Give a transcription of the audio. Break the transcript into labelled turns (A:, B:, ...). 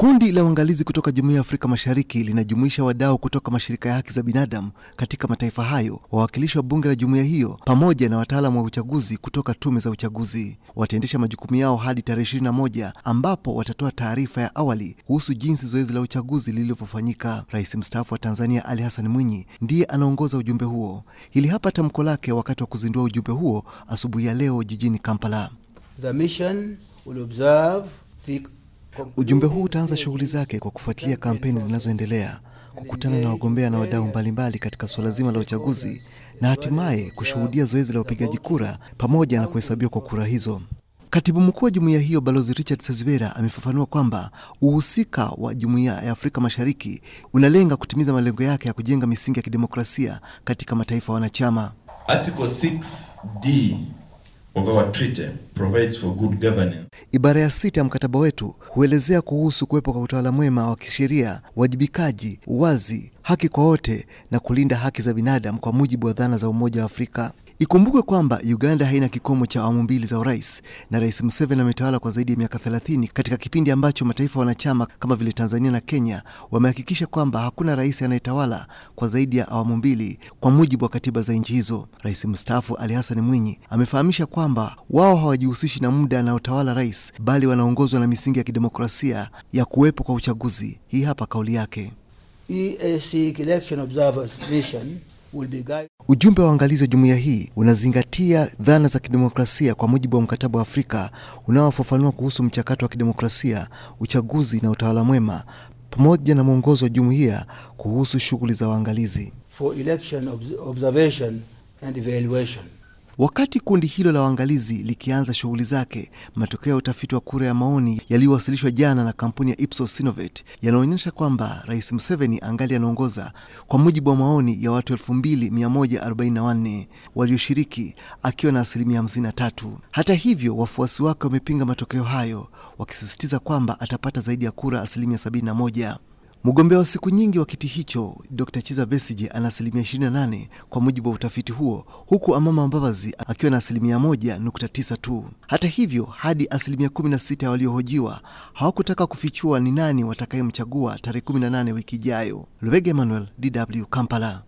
A: Kundi la uangalizi kutoka Jumuiya ya Afrika Mashariki linajumuisha wadau kutoka mashirika ya haki za binadamu katika mataifa hayo, wawakilishi wa bunge la jumuiya hiyo, pamoja na wataalamu wa uchaguzi kutoka tume za uchaguzi. Wataendesha majukumu yao hadi tarehe moja ambapo watatoa taarifa ya awali kuhusu jinsi zoezi la uchaguzi lilivyofanyika. Rais mstaafu wa Tanzania Ali Hassan Mwinyi ndiye anaongoza ujumbe huo. Hili hapa tamko lake wakati wa kuzindua ujumbe huo asubuhi ya leo jijini Kampala.
B: The mission will observe
A: Ujumbe huu utaanza shughuli zake kwa kufuatilia kampeni zinazoendelea, kukutana na wagombea na wadau mbalimbali katika suala zima la uchaguzi na hatimaye kushuhudia zoezi la upigaji kura pamoja na kuhesabiwa kwa kura hizo. Katibu mkuu wa jumuiya hiyo Balozi Richard Sezibera amefafanua kwamba uhusika wa jumuiya ya Afrika Mashariki unalenga kutimiza malengo yake ya kujenga misingi ya kidemokrasia katika mataifa wanachama.
B: Article 6D of our treaty provides for good governance.
A: Ibara ya sita ya mkataba wetu huelezea kuhusu kuwepo kwa utawala mwema wa kisheria, uwajibikaji, uwazi, haki kwa wote na kulinda haki za binadamu kwa mujibu wa dhana za Umoja wa Afrika. Ikumbukwe kwamba Uganda haina kikomo cha awamu mbili za urais na Rais Museveni ametawala kwa zaidi ya miaka 30 katika kipindi ambacho mataifa wanachama kama vile Tanzania na Kenya wamehakikisha kwamba hakuna rais anayetawala kwa zaidi ya awamu mbili kwa mujibu wa katiba za nchi hizo. Rais mstaafu Ali Hassan Mwinyi amefahamisha kwamba wao hawajihusishi na muda anaotawala rais, bali wanaongozwa na misingi ya kidemokrasia ya kuwepo kwa uchaguzi. Hii hapa kauli yake.
B: EAC Election Observers Mission
A: Ujumbe wa uangalizi wa jumuiya hii unazingatia dhana za kidemokrasia kwa mujibu wa mkataba wa Afrika unaofafanua kuhusu mchakato wa kidemokrasia, uchaguzi na utawala mwema, pamoja na mwongozo wa jumuiya kuhusu shughuli za waangalizi
B: for election observation and evaluation.
A: Wakati kundi hilo la waangalizi likianza shughuli zake, matokeo ya utafiti wa kura ya maoni yaliyowasilishwa jana na kampuni ya Ipsos Synovate yanaonyesha kwamba Rais Museveni angali anaongoza kwa mujibu wa maoni ya watu 2144 walioshiriki akiwa na asilimia 53. Hata hivyo, wafuasi wake wamepinga matokeo hayo wakisisitiza kwamba atapata zaidi ya kura asilimia 71. Mgombea wa siku nyingi wa kiti hicho Dr. Chiza Besigye ana asilimia 28 kwa mujibu wa utafiti huo, huku Amama Mbabazi akiwa na asilimia 1.9 tu. Hata hivyo, hadi asilimia 16 ya waliohojiwa hawakutaka kufichua ni nani watakayemchagua tarehe 18 wiki ijayo. Lubega Emmanuel, DW, Kampala.